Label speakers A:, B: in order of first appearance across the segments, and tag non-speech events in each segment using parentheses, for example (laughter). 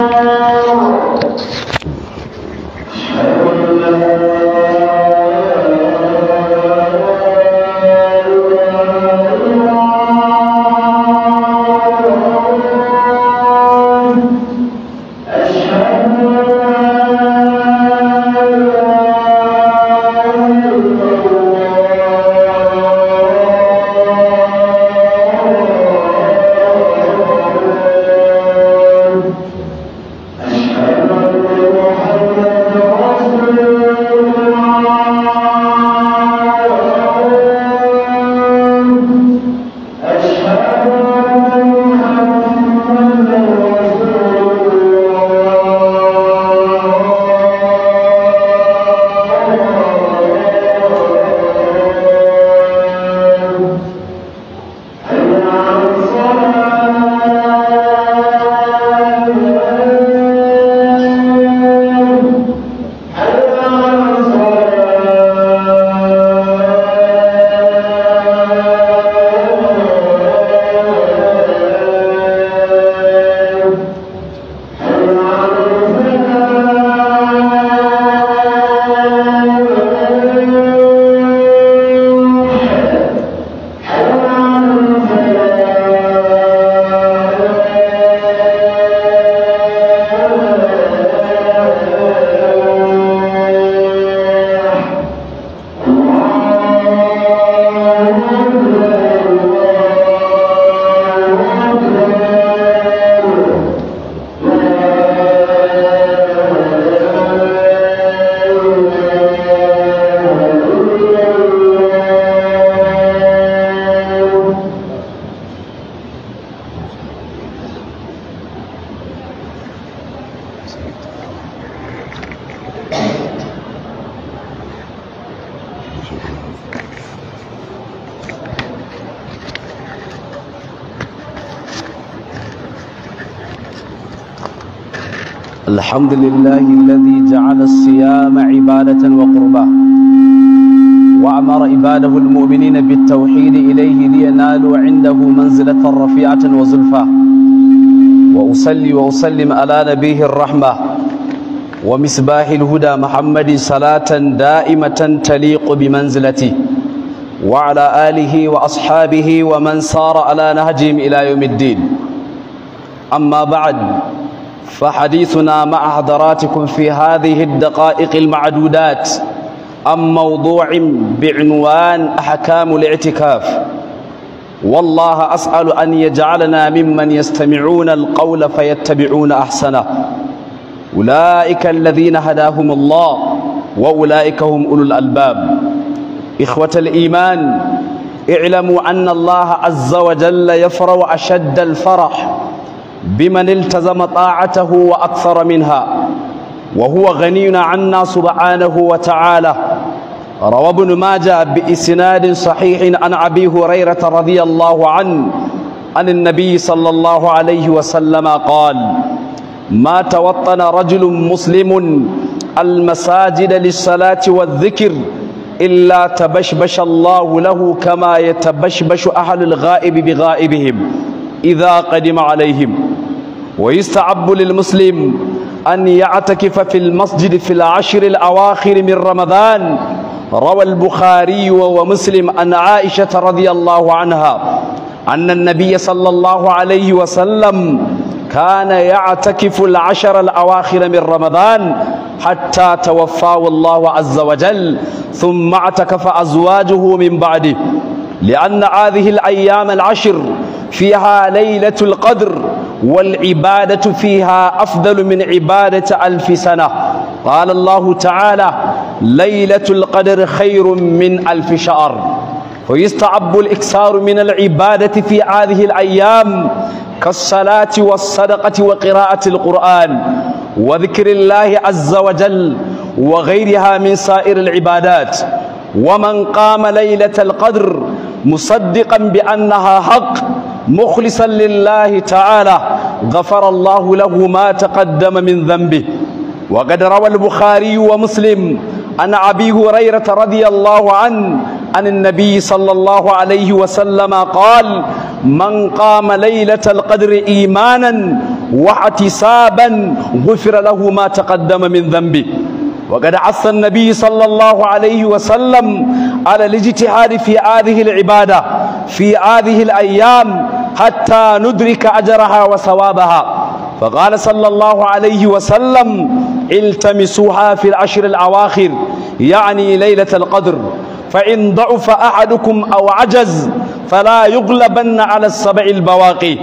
A: Uh... الحمد لله الذي جعل الصيام عبادة وقربة وأمر عباده المؤمنين بالتوحيد إليه لينالوا عنده منزلة رفيعة وزلفة وأصلي وأسلم على نبيه الرحمة ومصباح الهدى محمد صلاة دائمة تليق بمنزلته وعلى آله وأصحابه ومن صار على نهجهم إلى يوم الدين أما بعد فحديثنا مع حضراتكم في هذه الدقائق المعدودات عن موضوع بعنوان أحكام الاعتكاف والله أسأل أن يجعلنا ممن يستمعون القول فيتبعون أحسنه أولئك الذين هداهم الله وأولئك هم أولو الألباب إخوة الإيمان اعلموا أن الله عز وجل يفرع أشد الفرح بمن التزم طاعته وأكثر منها وهو غني عنا سبحانه وتعالى روى ابن ماجه بإسناد صحيح عن أبي هريرة رضي الله عنه عن النبي صلى الله عليه وسلم قال ما توطن رجل مسلم المساجد للصلاة والذكر إلا تبشبش الله له كما يتبشبش أهل الغائب بغائبهم إذا قدم عليهم ويستعب للمسلم أن يعتكف في المسجد في العشر الأواخر من رمضان روى البخاري ومسلم عن عائشة رضي الله عنها أن النبي صلى الله عليه وسلم كان يعتكف العشر الأواخر من رمضان حتى توفاه الله عز وجل ثم اعتكف أزواجه من بعده لأن هذه الأيام العشر فيها ليلة القدر والعبادة فيها أفضل من عبادة ألف سنة قال الله تعالى ليلة القدر خير من ألف شهر ويستعب الإكثار من العبادة في هذه الأيام كالصلاة والصدقة وقراءة القرآن وذكر الله عز وجل وغيرها من سائر العبادات ومن قام ليلة القدر مصدقا بأنها حق مخلصا لله تعالى غفر الله له ما تقدم من ذنبه وقد روى البخاري ومسلم عن أبي هريرة رضي الله عنه عن النبي صلى الله عليه وسلم قال من قام ليلة القدر إيمانا واحتسابا غفر له ما تقدم من ذنبه وقد عص النبي صلى الله عليه وسلم على الاجتهاد في هذه العبادة في هذه الأيام حتى ندرك أجرها وثوابها فقال صلى الله عليه وسلم التمسوها في العشر الأواخر يعني ليلة القدر فإن ضعف أحدكم أو عجز فلا يغلبن على السبع البواقي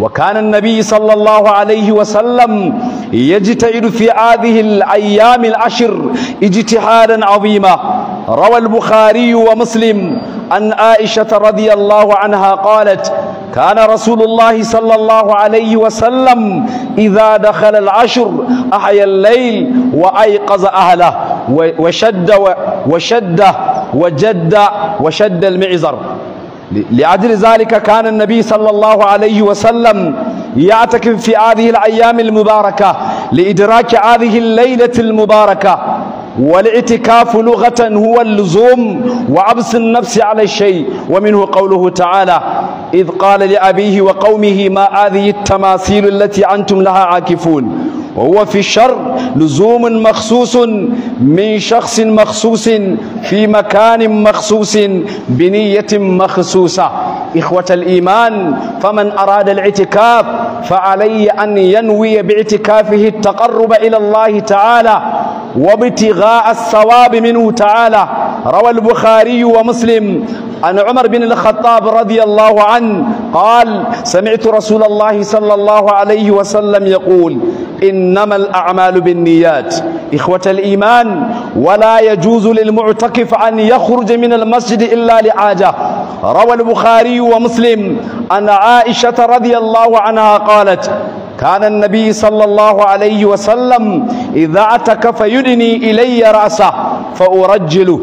A: وكان النبي صلى الله عليه وسلم يجتهد في هذه الأيام العشر اجتهادا عظيما روى البخاري ومسلم عن عائشة رضي الله عنها قالت كان رسول الله صلى الله عليه وسلم إذا دخل العشر أحيا الليل وأيقظ أهله وشد وشد وجد وشد المعزر لأجل ذلك كان النبي صلى الله عليه وسلم يعتكف في هذه الأيام المباركة لإدراك هذه الليلة المباركة والاعتكاف لغة هو اللزوم وعبس النفس على الشيء ومنه قوله تعالى إذ قال لأبيه وقومه ما هذه التماثيل التي أنتم لها عاكفون وهو في الشر لزوم مخصوص من شخص مخصوص في مكان مخصوص بنية مخصوصة إخوة الإيمان فمن أراد الاعتكاف فعلي أن ينوي باعتكافه التقرب إلى الله تعالى وابتغاء الثواب منه تعالى روى البخاري ومسلم عن عمر بن الخطاب رضي الله عنه قال سمعت رسول الله صلى الله عليه وسلم يقول إنما الأعمال بالنسبة بالنيات إخوة الإيمان ولا يجوز للمعتكف أن يخرج من المسجد إلا لعاجة روى البخاري ومسلم أن عائشة رضي الله عنها قالت كان النبي صلى الله عليه وسلم إذا اعتكف يدني إلي رأسه فأرجله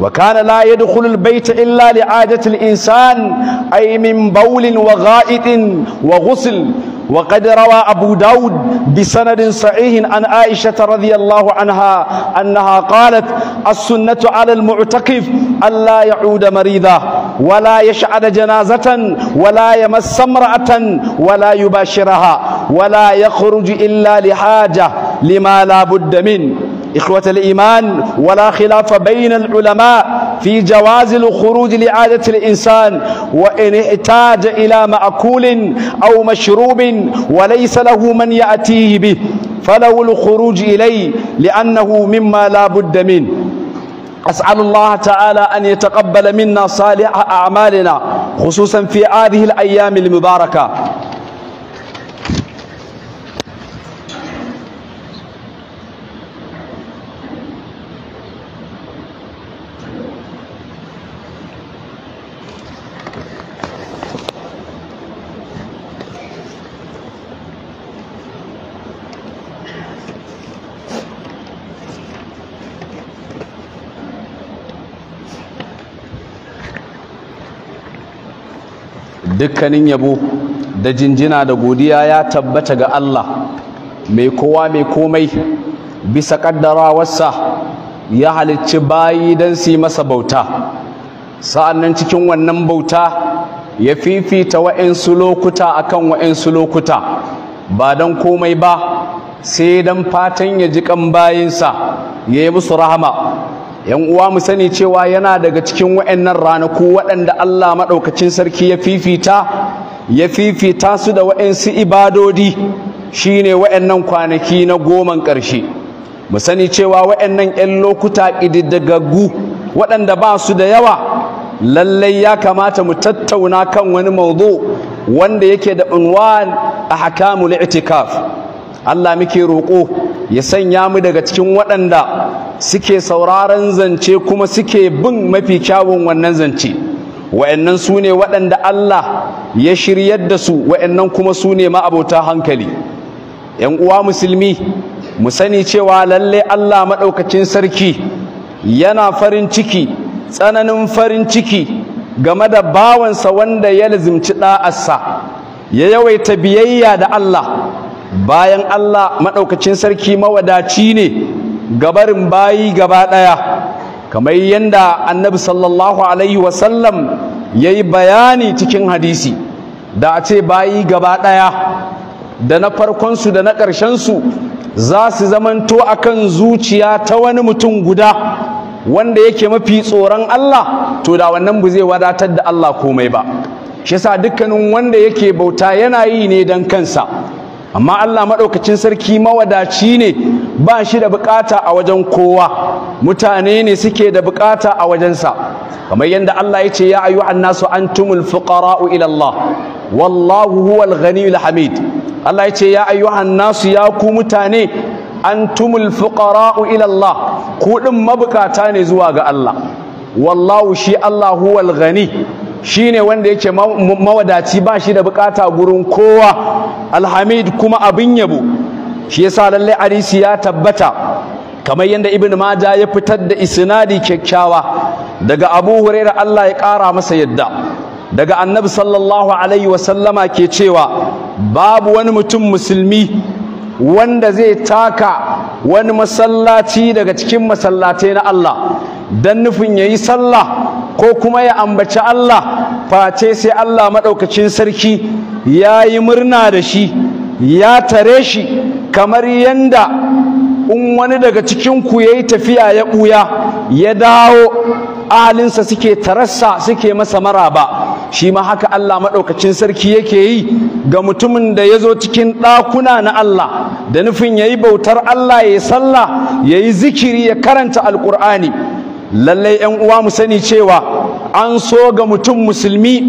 A: وكان لا يدخل البيت إلا لعادة الإنسان أي من بول وغائط وغسل وقد روى أبو داود بسند صحيح عن عائشة رضي الله عنها أنها قالت السنة على المعتكف ألا يعود مريضا ولا يشعر جنازة ولا يمس امرأة ولا يباشرها ولا يخرج إلا لحاجة لما لا بد منه إخوة الإيمان ولا خلاف بين العلماء في جواز الخروج لعادة الإنسان وإن احتاج إلى مأكول أو مشروب وليس له من يأتيه به فله الخروج إليه لأنه مما لا بد منه أسأل الله تعالى أن يتقبل منا صالح أعمالنا خصوصا في هذه الأيام المباركة dukkanin yabo da jinjina da godiya ya tabbata ga Allah mai kowa mai komai bisa kaddarawarsa ya halicci bayi don su yi masa bauta sa'annan cikin wannan bauta ya fifita wa'insu lokuta akan wa'insu lokuta ba don komai ba sai don fatan ya ji kan bayinsa ya yi musu rahama yan uwa mu sani cewa yana daga cikin wa'annan ranaku waɗanda Allah maɗaukacin sarki ya fifita ya fifita su da wa'ansu ibadodi shine wa'annan kwanaki na goman ƙarshe mu sani cewa wa'annan 'yan lokuta ƙididdagaggu waɗanda ba su da yawa lallai ya kamata mu tattauna kan wani mawdu wanda yake da unwan a hakamul itikaf Allah muke roƙo ya sanya mu daga cikin waɗanda suke sauraron zance kuma suke bin mafi kyawun wannan zance wa'annan su ne waɗanda Allah ya shiryar da su wa'annan kuma su ne ma'abota hankali ‘yan uwa musulmi mu sani cewa lalle Allah maɗaukacin sarki yana farin ciki tsananin farin ciki game da bawansa wanda ya lazimci ɗa'arsa ya yawaita biyayya da Allah bayan Allah maɗaukacin sarki mawadaci ne gabarin bayi gaba ɗaya kamar yadda annabi sallallahu alaihi wasallam ya yi bayani cikin hadisi da a ce bayi gaba ɗaya da na farkonsu da na ƙarshensu za su zamanto a kan zuciya ta wani mutum guda wanda yake mafi tsoron Allah to da wannan bu zai wadatar da Allah komai ba shi yasa dukkanin wanda yake bauta yana yi ne don kansa amma Allah maɗaukacin sarki mawadaci ne ba shi da bukata a wajen kowa mutane ne suke da bukata a wajensa kamar yadda Allah ya ce ya ayu annasu antumul fuqara'u ila Allah wallahu huwal ghaniyul hamid Allah ya ce ya ayu annasu ya ku mutane antumul fuqara'u ila Allah ku din mabukata ne zuwa ga Allah wallahu shi Allah huwal ghani Shi ne wanda yake mawadaci ba shi da bukata gurin kowa alhamid kuma abin yabo shi yasa lalle arisi ya tabbata kamar yadda ibn maja ya fitar da isnadi kyakkyawa daga abu huraira Allah ya kara masa yadda daga annabi sallallahu alaihi wasallama ke cewa babu wani mutum musulmi wanda zai taka wani masallaci daga cikin masallatai na Allah dan nufin yayi sallah ko kuma ya ambaci Allah face sai Allah maɗaukacin sarki ya yi murna da shi ya tare shi kamar yanda in wani daga cikinku ya yi tafiya ya ɓuya ya dawo ahalinsa suke tarassa suke masa mara ba. shi ma haka Allah maɗaukacin sarki yake yi ga mutumin da ya zo cikin ɗakuna na Allah da nufin ya yi bautar Allah ya yi sallah ya yi zikiri ya karanta alƙur'ani lallai yan uwa mu sani cewa an so ga mutum musulmi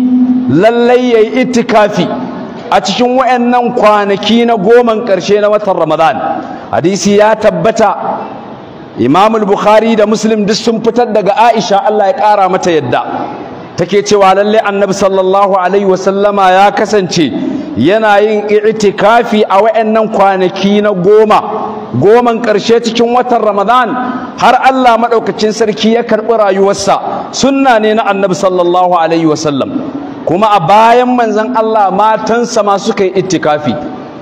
A: lallai yayi itikafi a cikin wayannan kwanaki na goman karshe na watan Ramadan hadisi ya tabbata Imam bukhari da Muslim duk sun fitar daga Aisha Allah ya kara mata yadda take cewa lallai Annabi sallallahu alaihi wasallama ya kasance yana yin itikafi a wayannan kwanaki na goma goman ƙarshe cikin watan ramadan har allah maɗaukacin sarki ya karɓi rayuwarsa sunna ne na annabi sallallahu alaihi wasallam kuma a bayan manzan allah matansa ma suka yi ittikafi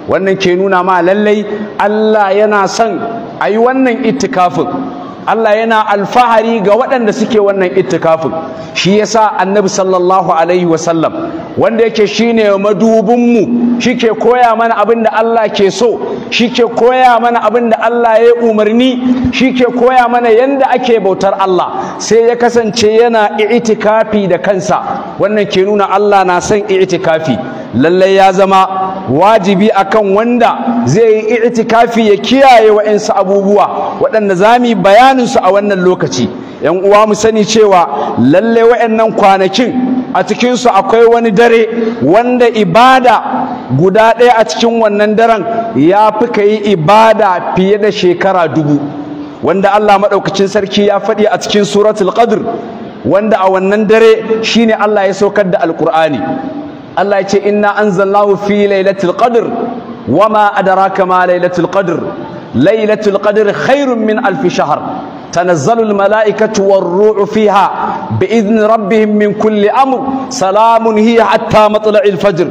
A: wannan ke nuna ma lallai allah yana son a yi wannan itikafin. Allah yana alfahari ga waɗanda suke wannan ittikafin shi yasa annabi sallallahu alaihi wasallam wanda yake shine madubinmu shike koya mana abin da Allah ke so shike koya mana abin da Allah ya umarni shike koya mana yanda ake bautar Allah sai ya kasance yana itikafi da kansa wannan ke nuna Allah na son itikafi lallai ya zama wajibi akan wanda zai yi i'tikafi ya kiyaye wa'ansu abubuwa waɗanda za mu yi bayaninsu a wannan lokaci yan uwa mu sani cewa lallai wa'annan kwanakin a cikinsu akwai wani dare wanda ibada guda ɗaya a cikin wannan daren ya fi ka ibada fiye da shekara dubu wanda Allah maɗaukacin sarki ya faɗi a cikin suratul qadr wanda a wannan dare shine Allah ya saukar da alkur'ani Allah ya ce inna anzalnahu fi lailatul qadr wama adraka ma lailatul qadr lailatul qadr khairun min alf shahr تنزل الملائكة والروح فيها بإذن ربهم من كل أمر سلام هي حتى مطلع الفجر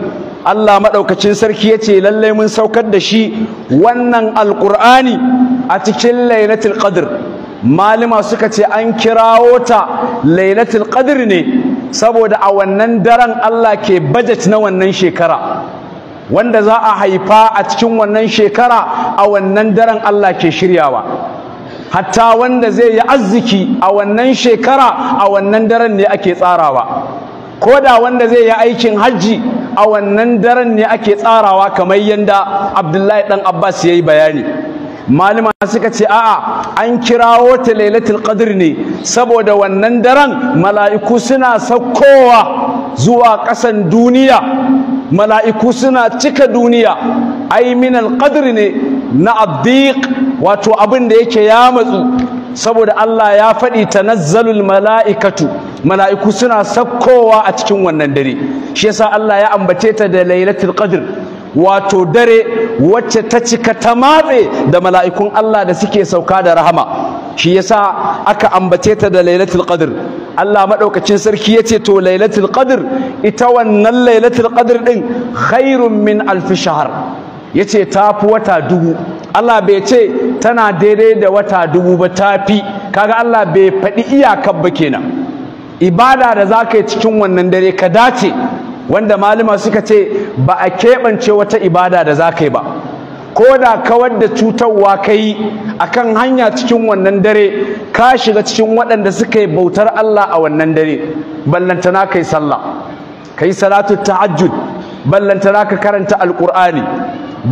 A: Allah maɗaukacin sarki ya ce lallai mun saukar da shi wannan alƙur'ani a cikin lailatul qadr malama suka ce an kirawo ta lailatul qadr ne saboda a wannan daren Allah ke budget na wannan shekara wanda za a haifa a cikin wannan shekara a wannan daren Allah ke shiryawa hatta wanda zai yi arziki a wannan shekara a wannan daren ne ake tsarawa ko da wanda zai yi aikin hajji a wannan daren ne ake tsarawa kamar yanda Abdullahi dan Abbas yayi bayani malama suka ce a'a an kirawo ta lailatul qadr ne saboda wannan daren mala'iku suna sakkowa zuwa ƙasan duniya mala'iku suna cika duniya ai minal ne na addiq wato abin da yake ya matsu saboda Allah ya faɗi tanazzalul mala'ikatu mala'iku suna sakkowa a cikin wannan dare shi yasa Allah ya ambace ta da lailatul qadr wato dare wacce ta cika ta matse da mala'ikun Allah da suke sauka da rahama shi yasa aka ambace ta da lailatul qadr Allah maɗaukacin sarki ya ce to lailatul qadr ita wannan lailatul qadr ɗin khairun min alfi shahar ya ce ta fi wata dubu Allah bai ce tana daidai da wata dubu ba ta fi kaga Allah bai faɗi iyakar ba kenan ibada da za ka yi cikin wannan dare ka dace wanda malama suka ce ba a keɓance wata ibada da za ka yi ba ko da kawar da cutarwa ka yi a kan hanya cikin wannan dare ka shiga cikin waɗanda suka yi bautar Allah a wannan dare ballantana ka yi sallah ka yi salatu tahajjud ballantana ka karanta alƙur'ani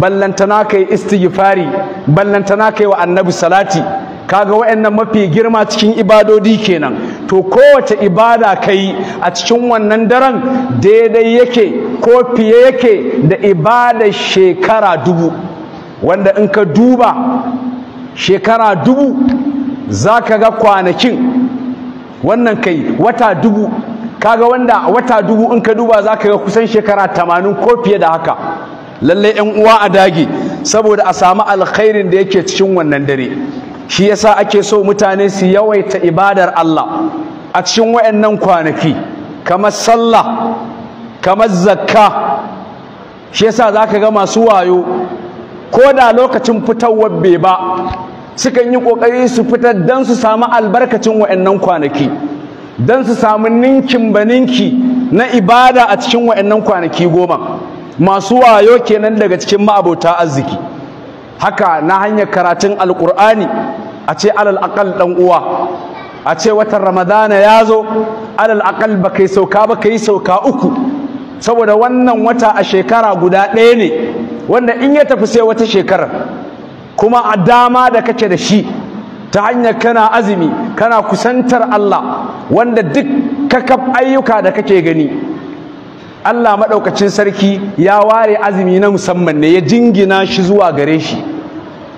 A: ballantana ka yi istighfari ballantana ka yi wa annabi salati kaga wa'annan mafi girma cikin ibadodi kenan to kowace ibada kai a cikin wannan daren daidai yake ko fiye yake da ibada shekara dubu wanda in ka duba shekara dubu za ka ga kwanakin wannan kai wata dubu kaga wanda wata dubu in ka duba za ka ga kusan shekara tamanin ko fiye da haka lallai 'yan uwa a dage saboda a samu alkhairin da yake cikin wannan dare shi yasa ake so mutane su yawaita ibadar Allah a cikin wayannan kwanaki kamar sallah kamar zakka shi yasa zaka ga masu wayo ko da lokacin fitowar bai ba sukan yi kokari su fitar dan su samu albarkacin wayannan kwanaki dan su samu ninkin baninki na ibada a cikin wayannan kwanaki goma masu wayo kenan daga cikin ma'abota arziki haka na hanyar karatun alƙur'ani a ce alal aƙal ɗan uwa a ce watan ramadana ya zo alal aƙal ba kai sauka ba kai sauka uku saboda wannan wata a shekara guda ɗaya ne wanda in ya tafi sai wata shekarar kuma a dama da kake da shi ta hanyar kana azumi kana kusantar Allah wanda duk kakaf ayyuka da kake gani Allah maɗaukacin sarki ya ware azumi na musamman ne ya jingina shi zuwa gare shi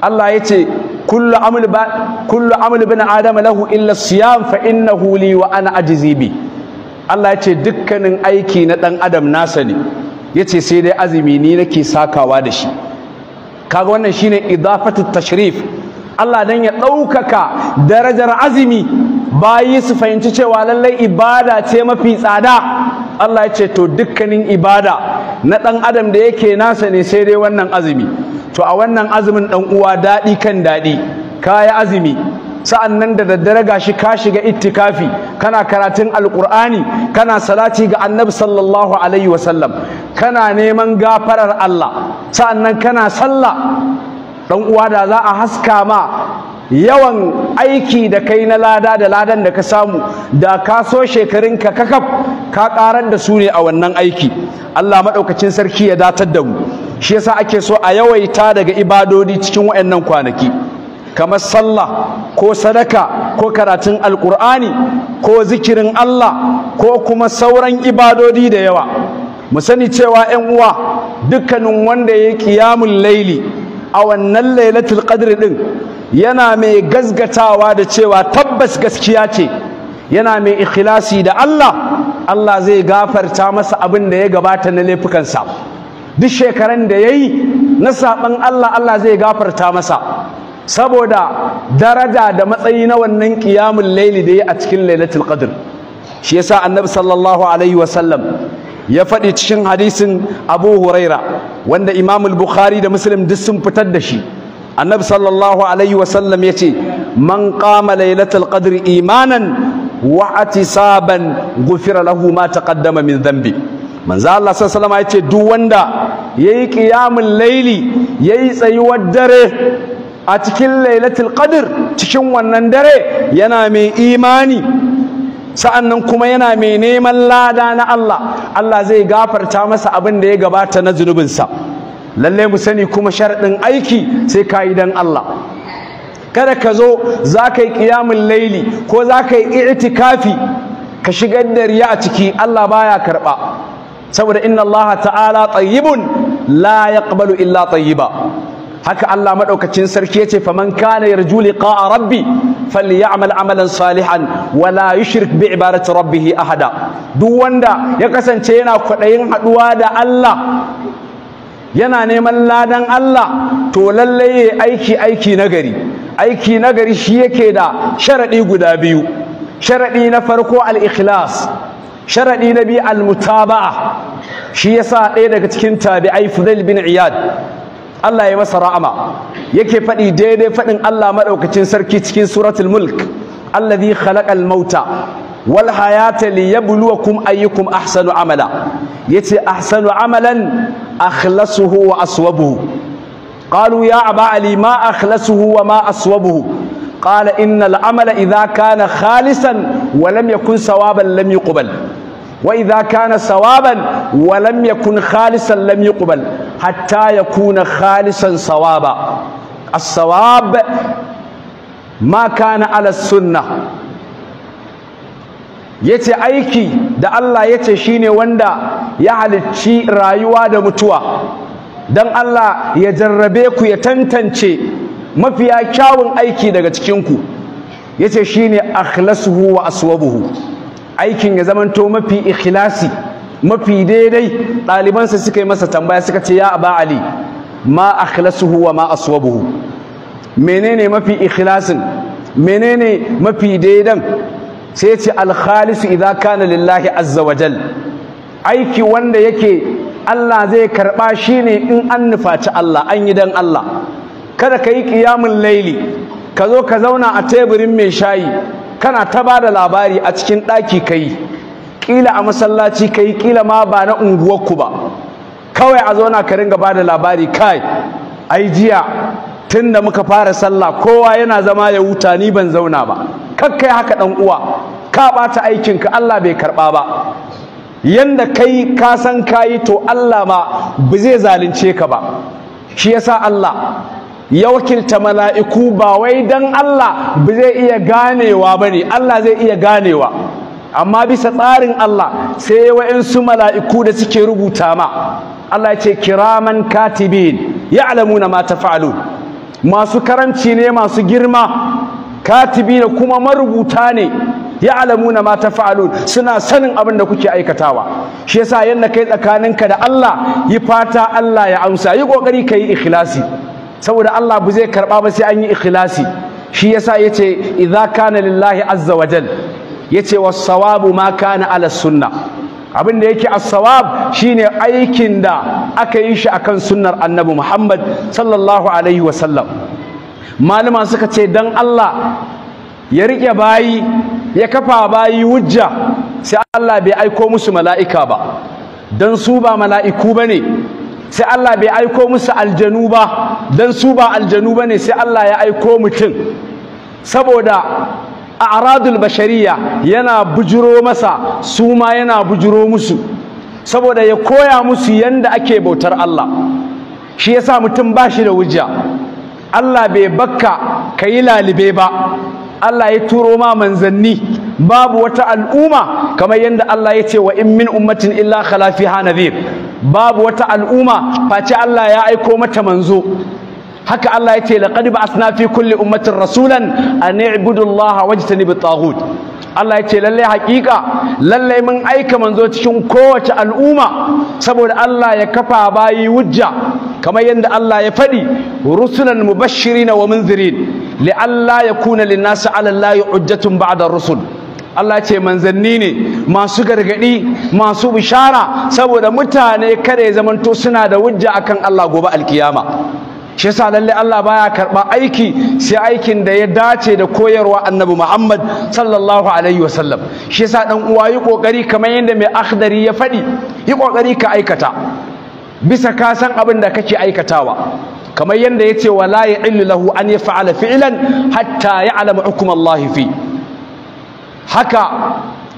A: Allah ya ce kullu amul ba kullu amul bin adama lahu illa siyam fa innahu li wa ana ajzi Allah ya ce dukkanin aiki na dan adam nasa ne yace sai dai azumi ni nake sakawa da shi kaga wannan shine idafatu tashrif Allah dan ya ɗaukaka darajar azumi bayi su fahimci cewa lallai ibada ce mafi tsada Allah ya ce to dukkanin ibada na ɗan adam da yake nasa ne sai dai wannan azumi to a wannan azumin ɗan uwa daɗi kan daɗi kayi azumi sa'an nan da daddare gashi ka shiga ittikafi kana karatun alqur'ani kana salati ga annabi sallallahu alaihi wasallam kana neman gafarar Allah sa'an nan kana sallah dan uwa da za a haska ma yawan aiki da kai na lada da ladan da ka samu da ka so shekarunka kakaf ka karar da su ne a wannan aiki Allah maɗaukacin sarki ya datar da mu shi yasa ake so a yawaita daga ibadodi cikin waɗannan kwanaki kamar sallah ko sadaka ko karatun alkur'ani ko zikirin Allah ko kuma sauran ibadodi da yawa mu sani cewa 'yan uwa dukkanin wanda ya yi ƙiyamun laili a wannan lailatul qadr din yana mai gazgatawa da cewa tabbas gaskiya ce yana mai ikhlasi da Allah Allah zai gafarta masa abin da ya gabata na laifukansa duk shekaran da yayi na saban Allah Allah zai gafarta masa saboda daraja da matsayi na wannan qiyamul laili da yi a cikin lailatul qadr shi yasa annabi sallallahu alaihi sallam. ya faɗi cikin hadisin abu huraira wanda imam bukhari da muslim duk sun fitar da shi annabi sallallahu alaihi wasallam ya ce man qama lailatul qadri imanan wa atisaban gufira lahu ma taqaddama min dhanbi manzo Allah sallallahu alaihi ya ce duk wanda yayi qiyamul laili yayi tsayuwar dare a cikin lailatul qadr cikin wannan dare yana mai imani sa'annan kuma yana mai neman lada na Allah Allah zai gafarta masa abin da ya gabata na zunubinsa lalle mu sani kuma sharaɗin aiki sai ka yi don Allah kada ka zo za ka yi ƙiyamun laili ko za ka yi itikafi ka shigar da riya a ciki Allah baya karɓa saboda inna Allah ta'ala tayyibun la yaqbalu illa tayyiba haka Allah maɗaukacin sarki yace faman kana yarju liqa'a rabbi falyamal amalan salihan wala yushrik bi ibadati rabbih ahada duk wanda ya kasance yana kwaɗayin haɗuwa da Allah yana neman ladan Allah to lalle aiki aiki nagari aiki nagari shi yake da sharaɗi guda biyu sharaɗi na farko al-ikhlas sharaɗi na biyu al-mutaba'a shi yasa ɗaya daga cikin tabi'ai Fudail bin Iyad Allah ya masa ra'ama yake faɗi daidai faɗin Allah maɗaukacin sarki cikin suratul mulk alladhi khalaqal mauta wal hayata liyabluwakum ayyukum ahsanu amala yace ahsanu amalan akhlasuhu wa aswabuhu qalu ya aba Alima ma akhlasuhu wa ma aswabuhu qala innal amala idha kana halisan wa lam yakun sawaban lam yuqbal wa idha kana sawaban wa lam yakun khalisan lam yuqbal hatta ya kuna khalisan sawaba as-sawab ma kana ala sunna yace aiki da Allah yace shine wanda ya halicci rayuwa da mutuwa dan Allah ya jarrabe ku ya tantance mafiya kyawun aiki daga cikin ku yace shine akhlasuhu wa aswabuhu aikin ya zamanto mafi ikhlasi mafi daidai ɗalibansa suka yi masa tambaya suka ce ya aba ali ma akhlasuhu wa ma aswabuhu menene mafi ikhlasin menene mafi daidan sai ce alkhalisu idza kana lillahi azza wajal aiki wanda yake Allah zai karba shine in an nufaci Allah an yi dan Allah kada ka yi qiyamul laili ka zo ka zauna a teburin mai shayi kana ta bada labari a cikin ɗaki ka yi kila a masallaci kai kila ma ba na unguwarku ba kawai a zauna ka ringa da labari kai ai jiya tunda muka fara sallah kowa yana zama ya huta ni ban zauna ba kakkai haka dan uwa ka bata aikinka Allah bai karba ba yanda kai ka san kayi to Allah ma ba zai zalunce ka ba shi yasa Allah ya wakilta mala'iku ba wai dan Allah ba zai iya ganewa bane Allah zai iya ganewa amma bisa tsarin Allah sai wa'insu mala'iku da suke rubuta ma Allah ya ce kiraman katibin ya'lamuna ma tafa'alu masu karamci ne masu girma katibi da kuma marubuta ne ya'lamuna ma fa'alu. suna sanin abin da kuke aikatawa shi yasa yanda kai tsakaninka da Allah yi fata Allah ya amsa yi kokari kai ikhlasi saboda Allah bu zai karba ba sai an yi ikhlasi shi yasa yace idza kana lillahi azza wajalla yace was sawabu ma kana ala sunna abin da yake as-sawab shine aikin da aka yi shi akan sunnar annabi Muhammad sallallahu alaihi wasallam malama suka ce dan Allah ya rike bayi ya kafa bayi hujja sai Allah bai aiko musu mala'ika ba dan su ba mala'iku bane sai Allah bai aiko musu aljanu ba dan su ba aljanu bane sai Allah ya aiko mutum saboda a'radul bashariya yana bujuro masa su ma yana bujuro musu saboda ya koya musu yanda ake bautar Allah shi yasa mutum ba shi da wujja Allah bai bakka ka yi lalibe ba Allah ya turo ma manzanni babu wata al'umma kamar yadda Allah ya ce wa in min ummatin illa khala fiha nadhir babu wata al'umma face Allah ya aiko mata manzo haka Allah ya ce laqad ba'athna fi kulli ummatin rasulan an i'budu Allah wajtanibu at-taghut Allah ya ce lalle hakika lalle mun aika manzo cikin kowace al'umma saboda Allah ya kafa bayi wujja kamar yadda Allah ya faɗi rusulan mubashirina wa munzirin li'alla yakuna lin-nasi 'ala Allah hujjatun ba'da rusul Allah ce manzanni ne masu gargadi masu bishara saboda mutane kare zamanto suna da wujja akan Allah gobe alkiyama shi yasa lalle Allah baya karɓa aiki sai aikin da ya dace da koyarwa Annabi Muhammad sallallahu alaihi sallam. shi yasa dan uwa yi kokari kamar yadda mai akhdari ya faɗi yi kokari ka aikata bisa ka san abin da kake aikatawa kamar yadda ya ce wala ya illu lahu an ya fa'ala fi'lan hatta ya alama Allah fi haka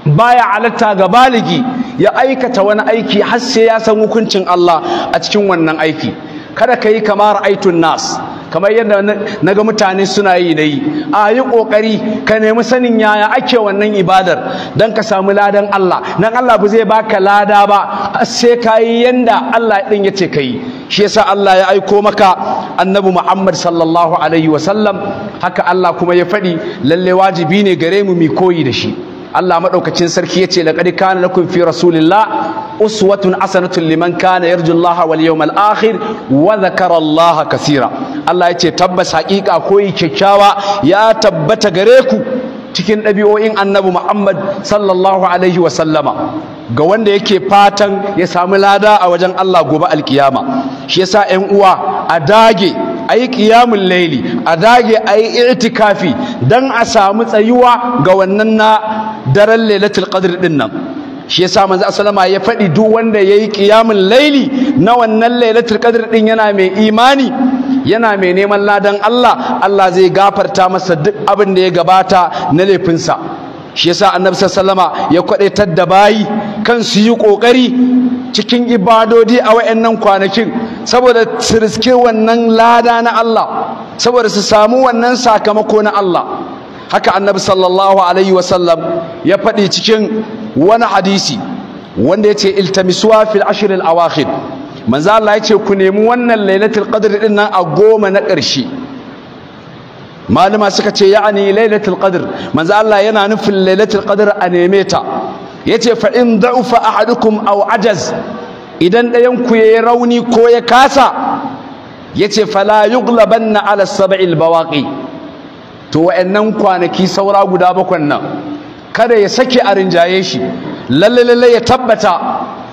A: baya halatta ga baligi ya aikata wani aiki har sai ya san hukuncin Allah a cikin wannan aiki kada ka yi kamar aitun nas kamar yadda na ga mutane suna yi na yi a yi ƙoƙari ka nemi sanin yaya ake wannan ibadar don ka samu ladan Allah nan Allah ba zai baka lada ba sai ka yi yanda Allah ɗin ya ce ka yi shi yasa Allah ya aiko maka annabi Muhammad sallallahu alaihi wasallam haka Allah kuma ya faɗi lalle wajibi ne gare mu mi koyi da shi Allah maɗaukacin sarki ya ce laƙadi kana lakum fi rasulillah uswatun hasanatun liman kana yarjullaha wal yawmal akhir wa dhakara Allah kaseera Allah yace tabbas haƙiƙa koyi kyakkyawa ya tabbata gare ku cikin ɗabi'o'in annabi Muhammad sallallahu alaihi wa sallama ga wanda yake fatan ya samu lada a wajen Allah gobe alkiyama shi yasa ƴan uwa a dage a yi ƙiyamun laili a dage a yi itikafi don a samu tsayuwa ga wannan na daren lailatul qadr ɗin shi yasa manzo sallama ya faɗi duk wanda yayi qiyamul laili na wannan lailatul qadr din yana mai imani yana mai neman ladan Allah Allah zai gafarta masa duk abin da ya gabata na laifinsa shi yasa annabi sallama ya kwadaitar da bayi kan su yi kokari cikin ibadodi a wayannan kwanakin saboda su riske wannan lada na Allah saboda su samu wannan sakamako na Allah haka annabi sallallahu alaihi wasallam ya faɗi cikin wani hadisi wanda yace iltamisuwa fil ashr al awakhir manzo Allah yace ku nemi wannan lailatul qadr din nan a goma na ƙarshe malama suka ce ya'ani lailatul qadr manzo Allah yana nufin lailatul qadr a neme ta yace fa in da'ufa ahadukum aw ajaz idan ɗayan ku yayi rauni ko ya kasa yace fala yughlabanna ala sab'il bawaqi to wa'annan kwanaki saura guda bakwan nan kada ya sake a rinjaye shi lalle ya tabbata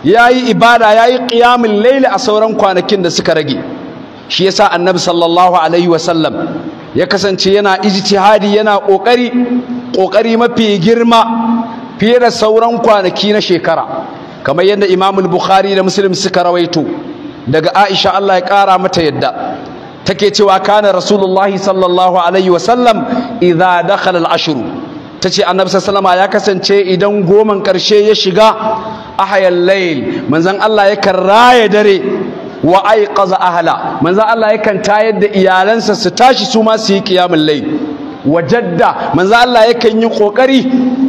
A: yayi ibada yayi qiyamul layli a sauran kwanakin da suka rage shi yasa annabi sallallahu alaihi wasallam ya kasance yana ijtihadi yana ƙoƙari ƙoƙari mafi girma fiye da sauran kwanaki na shekara kamar yadda Imam bukhari da Muslim suka rawaito daga Aisha Allah ya ƙara mata yadda take cewa kana rasulullahi sallallahu alaihi wasallam idza dakhala al-ashru ta ce annabi wasallam ya kasance idan goman ƙarshe ya shiga ahayal layl manzon Allah yakan raya dare wa aiqaza ahla manzon Allah yakan tayar da iyalansa su tashi su ma su yi qiyamul layl wajadda manzan Allah yakan yi kokari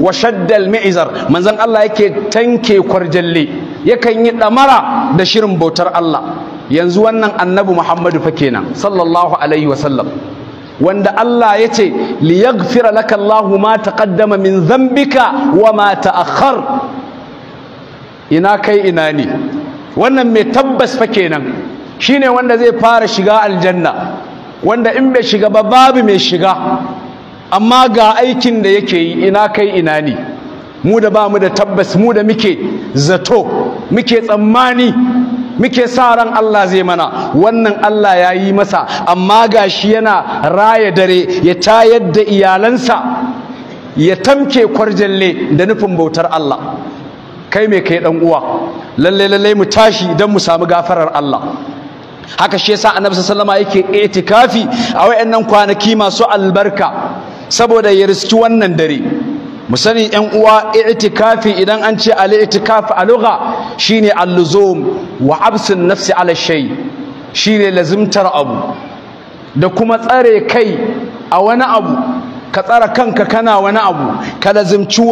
A: wa shaddal mi'zar manzan Allah yake tanke kwarjalle yakan yi damara da shirin bautar Allah yanzu wannan annabi Muhammadu fa kenan sallallahu alaihi wasallam wanda Allah ya ce liyaghfira laka Allahu ma taqaddama min zambika wa ma ta'akhkhar ina kai ina ne wannan mai tabbas fa kenan shine wanda zai fara shiga aljanna wanda in bai shiga ba babu mai shiga amma ga aikin da yake yi ina kai ina ne mu da ba da tabbas mu da muke zato muke tsammani muke sa ran Allah zai mana wannan Allah ya yi masa amma ga shi yana raya dare ya tayar da iyalansa ya tamke kwarjalle da nufin bautar Allah kai me kai dan uwa lalle lalle mu tashi dan mu samu gafarar Allah haka shi yasa annabi sallallahu alaihi wasallam yake itikafi a wayannan kwanaki masu albarka saboda ya riski wannan dare Musani yan uwa i'tikafi idan an ce al-i'tikaf a lugha shine al-luzum wa absin nafsi ala shay shine lazimtar abu da kuma tsare kai a wani abu ka tsara kanka kana wani abu ka lazimci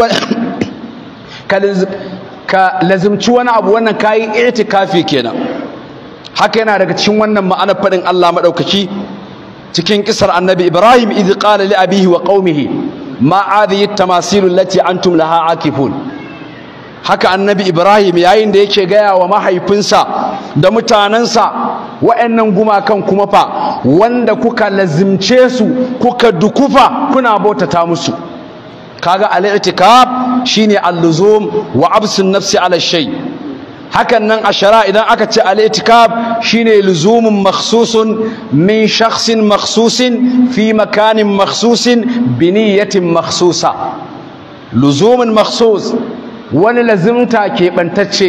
A: (coughs) ka lazimci wani abu wannan kayi i'tikafi kenan haka yana daga cikin wannan ma'anar faɗin Allah madaukaki cikin kisar annabi Ibrahim idh qala li abihi wa qaumihi ma adhi tamasilu lati antum laha akifun haka annabi ibrahim yayin da yake gaya wa mahaifinsa da mutanensa wa'annan gumakan kuma fa wanda kuka lazimce su kuka dukufa kuna bautata musu kaga al shine al-luzum wa absun nafsi ala shay' hakan nan ashara idan aka ce al-itikaf shine luzumun makhsusun min shakhsin makhsusin fi makanin makhsusin bi niyyatin makhsusa luzumun makhsus wani lazimta kebantacce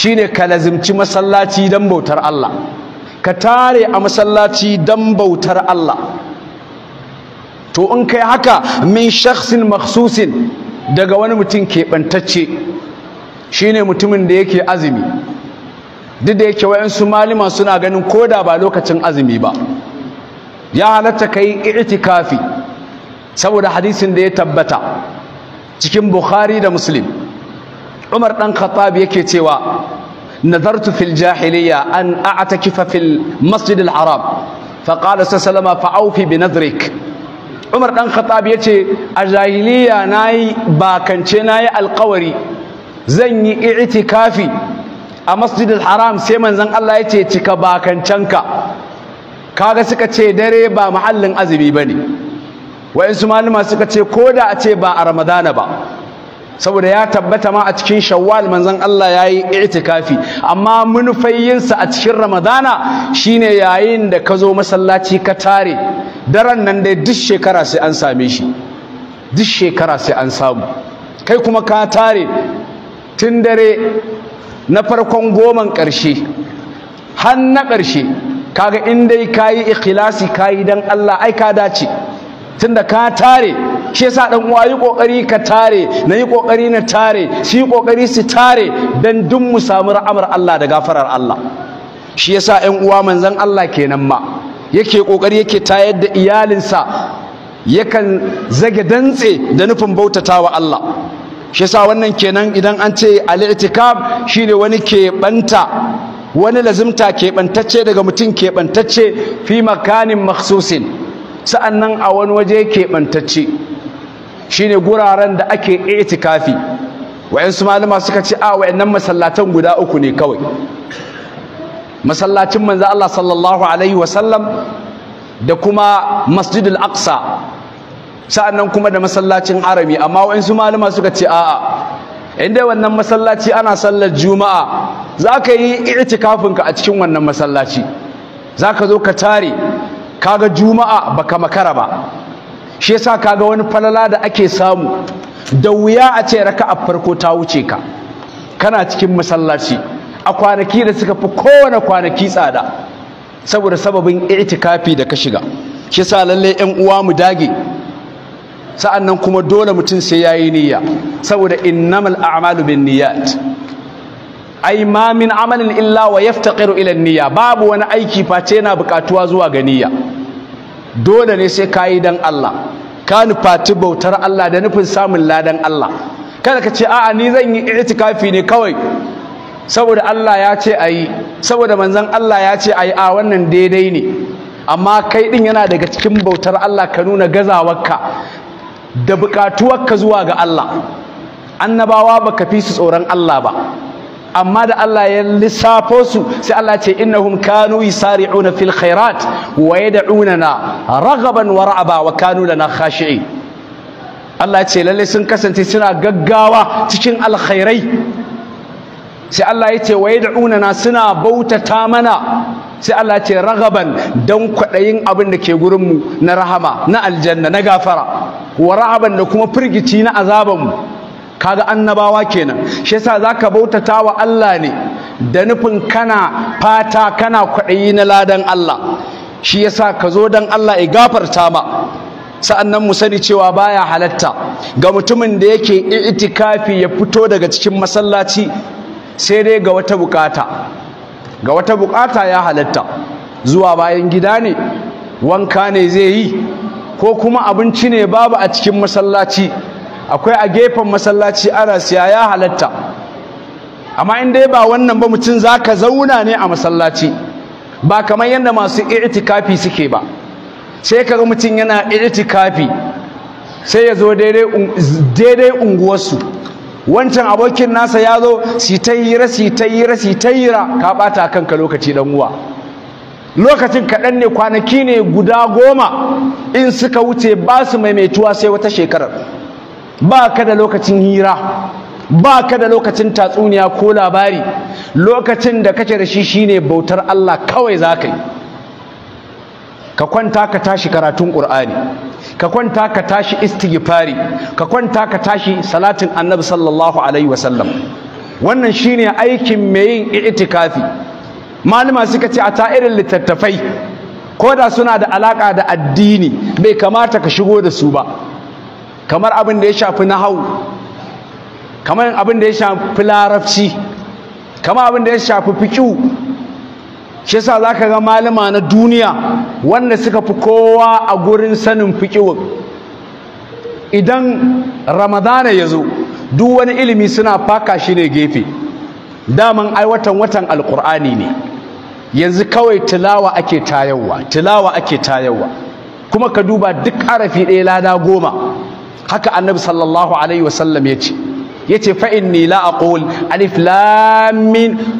A: shine ka lazimci masallaci dan bautar Allah ka tare a masallaci dan bautar Allah to in kai haka min shakhsin makhsusin daga wani mutum kebantacce. shine mutumin da yake azumi duk da yake wayansu malima suna ganin koda ba lokacin azumi ba ya halatta kai i'tikafi saboda hadisin da ya tabbata cikin bukhari da muslim umar dan khattab yake cewa nazartu fil jahiliya an a'takifa fil masjid al haram fa qala sallama fa awfi bi nadrik umar dan khattab yace a jahiliya nayi bakance nayi alqawari zan yi i'tikafi a masjidil haram sai manzon Allah ya ce cika Ka kaga suka ce dare ba muhallin azumi bane su malama suka ce ko da a ce ba a ramadana ba saboda ya tabbata ma a cikin shawwal manzon Allah yayi i'tikafi amma sa a cikin ramadana shine yayin da ka zo masallaci ka tare daren nan dai duk shekara sai an same shi duk shekara sai an samu kai kuma ka tare tun dare na farkon goman ƙarshe har na ƙarshe kaga in dai kayi ikhlasi kayi don Allah ai ka dace Tun da ka tare shi yasa dan uwa yi ƙoƙari ka tare na yi ƙoƙari na tare su yi ƙoƙari su tare don duk mu samu ra'amar Allah da gafarar Allah shi yasa ƴan uwa manzon Allah kenan ma yake ƙoƙari yake tayar da iyalinsa yakan zage dantse da nufin bautata wa Allah shi sa wannan kenan idan an ce al-i'tikaf shine wani keɓanta wani lazimta keɓantacce daga mutum keɓantacce fi makanin makhsusin sa'annan a wani waje keɓantacce shine guraren da ake i'tikafi wayansu malama suka ce a wayannan masallatan guda uku ne kawai masallacin manzo Allah sallallahu alaihi wasallam da kuma masjidul aqsa sa'annan kuma da masallacin arami amma wa'insu malama suka ce a'a inda wannan masallaci ana sallar juma'a za ka yi itikafinka a cikin wannan masallaci za ka zo ka tare kaga juma'a baka makara ba shi yasa kaga wani falala da ake samu da wuya a ce raka a farko ta wuce ka kana cikin masallaci a kwanaki da suka fi kowane kwanaki tsada saboda sababin itikafi da ka shiga shi yasa lalle 'yan uwa mu dage sa'annan kuma dole mutum sai ya yi niyya saboda innamal a'malu binniyat ai ma min amalin illa wa yaftaqiru ila niyya babu wani aiki face yana bukatuwa zuwa ga niyya dole ne sai kayi dan Allah ka nufati bautar Allah da nufin samun ladan Allah kada ka ce a'a ni zan yi itikafi ne kawai saboda Allah ya ce ayi saboda manzon Allah ya ce ayi a wannan daidai ne amma kai din yana daga cikin bautar Allah ka nuna gazawarka da buƙatuwarka zuwa ga Allah annabawa baka fi su tsoron Allah ba amma da Allah ya lissafo su sai Allah ce innahum kanu yusari'una fil khairat wa yad'unana raghaban wa ra'aba wa kanu lana khashi'in Allah ce lalle sun kasance suna gaggawa cikin alkhairai sai Allah ya ce wa yad'unana suna bautata mana sai Allah ce ragaban dan kwaɗayin abin da ke gurinmu na rahama na aljanna na gafara wa rahaban da kuma firgici na azaban mu kaga annabawa kenan shi yasa zaka bautata wa Allah ne da nufin kana fata kana kwaɗayi na ladan Allah shi yasa ka zo dan Allah ya gafarta ma sa'annan mu sani cewa baya halatta ga mutumin da yake itikafi ya fito daga cikin masallaci sai dai ga wata bukata ga wata bukata ya halatta zuwa bayan gida ne wanka ne zai yi ko kuma abinci ne babu a cikin masallaci akwai a gefen masallaci ana siya ya halatta amma in dai ba wannan ba mutum zaka zauna ne a masallaci ba kamar yadda masu i'tikafi suke ba sai kaga mutum yana i'tikafi sai ya zo daidai unguwarsu wancan abokin nasa ya zo si ta hira si ta si ta ka bata kanka lokaci dan uwa lokacin kaɗan ne kwanaki ne guda goma in suka wuce ba su maimaituwa sai wata shekarar ba ka da lokacin hira ba ka da lokacin tatsuniya ko labari lokacin da kake da shi shine bautar Allah kawai za ka yi ka kwanta ka tashi karatun ƙur'ani ka kwanta ka tashi istighfari ka kwanta ka tashi salatin annabi sallallahu alaihi wasallam wannan shine aikin mai yin i'tikafi malama suka ce a ta irin littattafai ko da suna da alaka da addini bai kamata ka shigo da su ba kamar abin da ya shafi nahau kamar abin da ya shafi larabci kamar abin da ya shafi fiqh shi yasa ka ga malama na duniya wanda suka fi kowa a gurin sanin fikiwa idan ramadana ya zo duk wani ilimi suna faka shi ne gefe daman ai watan watan alkur'ani ne yanzu kawai tilawa ake tayarwa tilawa ake tayarwa kuma ka duba duk arafi ɗaya lada goma haka annabi sallallahu alaihi wasallam ya ce ya ce fa'inni la aqul alif lam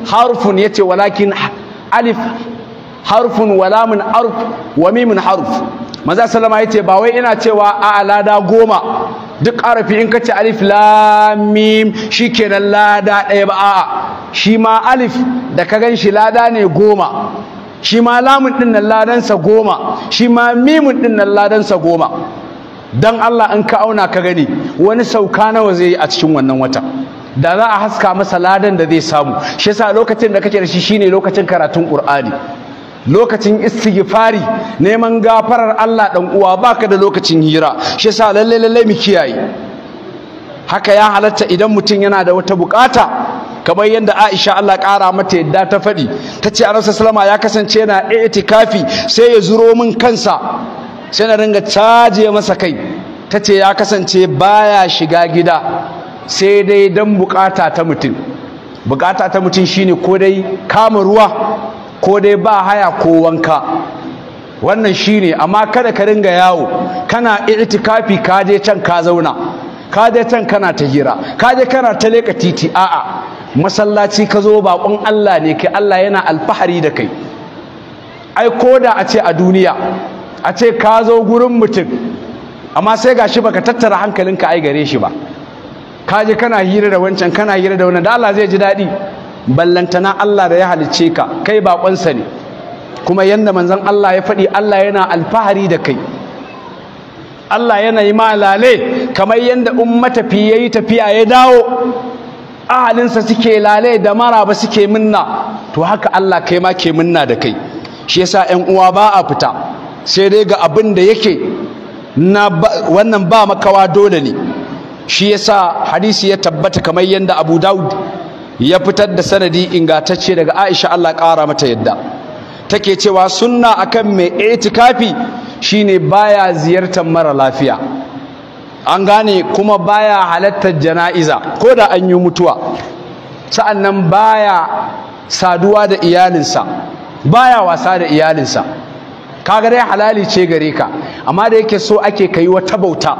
A: harfun ya ce walakin alif harfun wa arf wa mimun harf maza sallama yace ba wai ina cewa a alada goma duk arafi in kace alif lam mim shikenan lada ɗaya ba a'a shi ma alif da ka gan shi lada ne goma shi ma lamun din nan ladansa goma shi ma mimun din nan ladansa goma dan Allah in ka auna ka gani wani sauka nawa zai yi a cikin wannan wata da za a haska masa ladan da zai samu shi yasa lokacin da kake da shi shine lokacin karatun Qur'ani lokacin istighfari neman gafarar Allah dan uwa baka da lokacin hira shi yasa lalle lalle mu kiyaye haka ya halatta idan mutum yana da wata bukata kamar yadda Aisha Allah ƙara mata yadda ta faɗi tace ce Annabi sallama ya kasance yana itikafi sai ya zuro min kansa sai na ringa caje masa kai tace ya kasance baya shiga gida sai dai don bukata ta mutum bukata ta mutum shine ko dai kama ruwa ko dai ba haya ko wanka wannan shine amma kada ka ringa yawo kana itikafi ka je can ka zauna ka je can kana ta hira ka je kana ta leka titi a'a masallaci ka zo bakon Allah ne kai Allah yana alfahari da kai ai koda a ce a duniya a ce ka zo gurin mutum amma sai gashi baka tattara hankalinka ai gare shi ba ka kana hira da wancan kana hira da wannan da Allah zai ji daɗi ballantana Allah da ya halicce ka kai baƙonsa ne kuma yanda manzon Allah ya faɗi Allah yana alfahari da kai Allah yana yi ma malale kamar yadda in matafi ya yi tafiya ya dawo ahalinsa suke lale da mara ba suke minna to haka Allah kai ma ke minna da kai shi yasa 'yan uwa ba a fita sai dai ga abin da yake na wannan ba makawa dole ne shi yasa hadisi ya tabbata kamar yadda Abu Dawud ya fitar da sanadi ingantacce daga Aisha Allah ƙara mata yadda take cewa sunna akan mai itikafi shine baya ziyartar mara lafiya an gane kuma baya halattar jana'iza ko da an yi mutuwa sa'annan baya saduwa da iyalinsa baya wasa da iyalinsa kaga dai halali ce gare ka amma da yake so ake kai wata bauta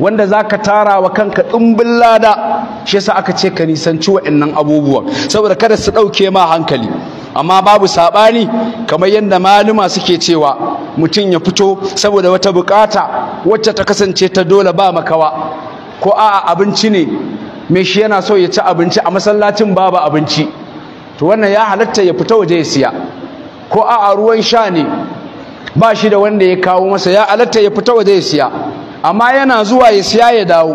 A: wanda za ka tara wa kanka ɗumbin lada shi yasa aka ce ka nisanci wa'annan abubuwan saboda kada su ɗauke ma hankali amma babu saɓani kamar yadda maluma suke cewa mutum ya fito saboda wata bukata wacce ta kasance ta dole ba makawa ko a'a abinci ne me shi yana so ya ci abinci a masallacin babu abinci to wannan ya halatta ya fita waje ya siya ko a'a ruwan sha ne ba shi da wanda ya kawo masa ya halatta ya fita waje ya siya amma yana zuwa ya siya ya dawo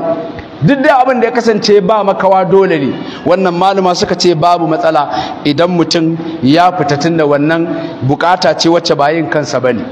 A: duk da abin da ya kasance ba makawa dole ne wannan maluma suka ce babu matsala idan mutum ya fita tunda wannan bukata ce wacce ba yin kansa bane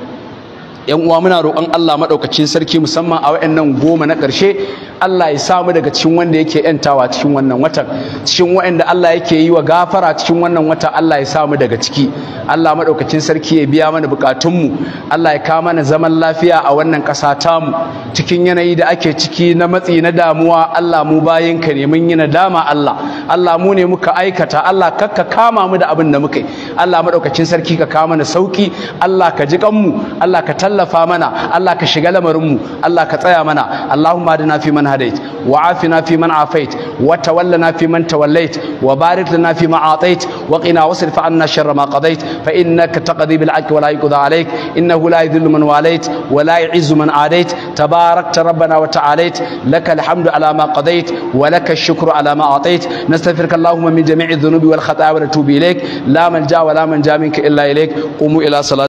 A: yan uwa muna roƙon Allah maɗaukacin sarki musamman a nan goma na ƙarshe Allah ya samu daga cikin wanda yake yantawa cikin wannan watan cikin da Allah yake yi wa gafara cikin wannan wata Allah ya samu daga ciki Allah maɗaukacin sarki ya biya mana bukatunmu Allah ya kawo mana zaman lafiya a wannan ƙasa mu, cikin yanayi da ake ciki na matsi na damuwa Allah mu bayinka ne mun yi nadama Allah Allah mu ne muka aikata Allah kakka kama mu da abin da muka yi Allah maɗaukacin sarki ka kawo mana sauki Allah ka ji kanmu Allah ka tallafa mana Allah ka shiga lamarin mu Allah ka tsaya mana Allahumma adina fi man hadait wa afina fi man afait wa tawallana fi man tawallait wa barik lana fi ma atait wa qina wasrif anna sharra ma qadait fa innaka taqdi bil haqqi wa la yuqda alayk innahu la yadhillu man walait wa la yu'izzu man adait tabarakta rabbana wa ta'alait laka alhamdu ala ma qadait wa laka الشكر على ما أعطيت نستغفرك اللهم من جميع الذنوب والخطايا ونتوب إليك لا من جاء ولا من جاء منك إلا إليك قوموا إلى صلاة